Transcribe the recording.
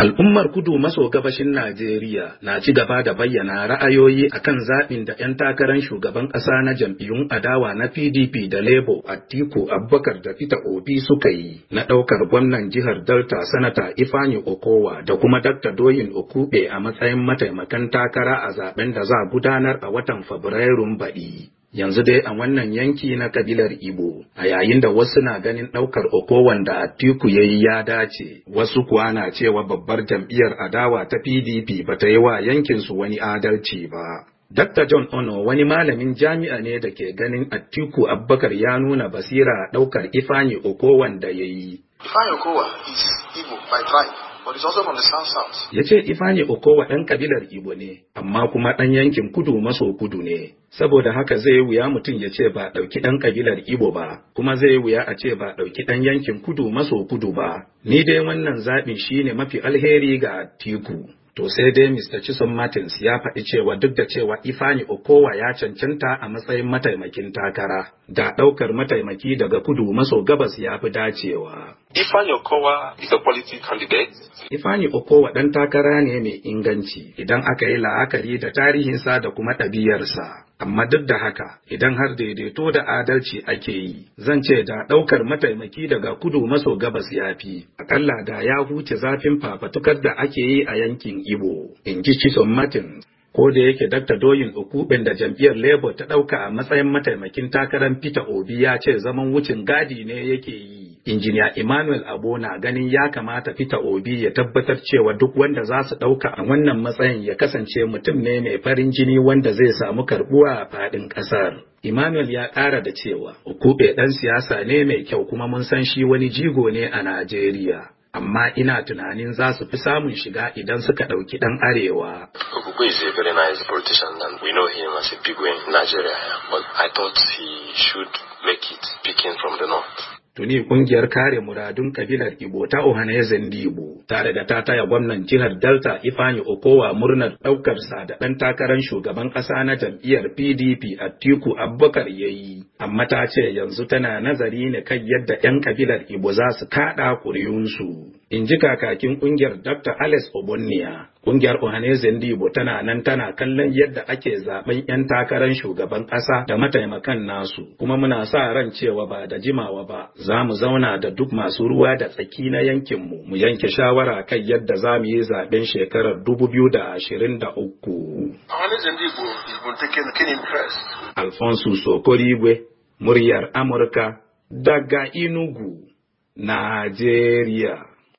Al'ummar kudu maso gabashin Najeriya na ci gaba da bayyana ra'ayoyi akan zaɓin da 'yan takarar shugaban ƙasa na jam'iyyun adawa na PDP da Labour Atiku Abubakar da fita Obi suka yi na ɗaukar gwamnan jihar Delta Sanata Ifani Okowa da kuma Dr. Doyin Okube a matsayin mataimakan takara a zaɓen da za gudanar a watan Fabrairun baɗi. Yanzu dai a wannan yanki na kabilar Igbo, a yayin da wasu na ganin ɗaukar Oko wanda Atiku ya yi ya dace, wasu kuwa na cewa babbar jam'iyyar adawa ta PDP ba ta yi wa yankinsu wani adalci ba. Dr. John Ono wani malamin jami'a ne da ke ganin Atiku Abubakar ya nuna basira ɗaukar Ifani Oko wanda ya yi. Ifani Okowa is Igbo by tribe. Ya ce Ifani Okowa ɗan kabilar Igbo ne, amma kuma ɗan yankin kudu maso kudu ne. Saboda haka zai yi wuya mutum ya ce ba ɗauki ɗan kabilar Igbo ba, kuma zai yi wuya a ce ba ɗauki ɗan yankin kudu maso kudu ba. Ni dai wannan zaɓi ne mafi alheri ga Tiku. To sai dai Mr. Chisom Martins ya faɗi cewa duk da cewa Ifani Okowa ya cancanta a matsayin mataimakin takara, da ɗaukar mataimaki daga kudu maso gabas ya fi dacewa. Ifanyo kowa is a quality candidate. Ifanyo Okowa ɗan takara ne mai inganci idan aka yi la'akari da tarihinsa da kuma ɗabi'arsa. Amma duk da haka, idan har daidaito da adalci ake yi, zan ce da ɗaukar mataimaki daga kudu maso gabas ya fi, aƙalla da ya huce zafin fafatukar da ake yi a yankin Ibo, in ji Chisom Martin. Ko da yake Dr. Doyin Okuben da jam'iyyar Labour ta ɗauka a matsayin mataimakin takarar Peter Obi ya ce zaman wucin gadi ne yake yi. injiniya Emmanuel Abo na ganin ya kamata fita Obi ya tabbatar cewa duk wanda za su ɗauka a wannan matsayin ya kasance mutum ne mai farin jini wanda zai samu karbuwa a faɗin ƙasar. Emmanuel ya ƙara da cewa Okube ɗan siyasa ne mai kyau kuma mun san shi wani jigo ne a Najeriya. Amma ina tunanin za su fi samun shiga idan suka ɗauki ɗan arewa. is a very nice politician and we know him as big win in Nigeria, I thought he should make Tuni kungiyar kare muradun kabilar Ibo ta Ohanaeze Zandibo ta da ta taya gwamnan jihar Delta ifani Okowa murnar sa da ɗan takarar shugaban ƙasa na jam'iyyar PDP Atiku Abubakar ya yi. Amma ta ce yanzu tana nazari ne kan yadda 'yan kabilar Ibo za su kaɗa ƙuri'unsu. in ji kakakin kungiyar Dr. Alex Obonnia. Kungiyar Ohanezen Ndibo tana nan tana kallon yadda ake zaben 'yan takarar shugaban ƙasa da mataimakan nasu, kuma muna sa ran cewa ba da jimawa ba za mu zauna da duk masu ruwa da tsaki na yankinmu mu yanke shawara kan yadda za mu yi zaben shekarar 2023. Alfonso Sokorigwe, muryar Amurka, daga Inugu, Najeriya.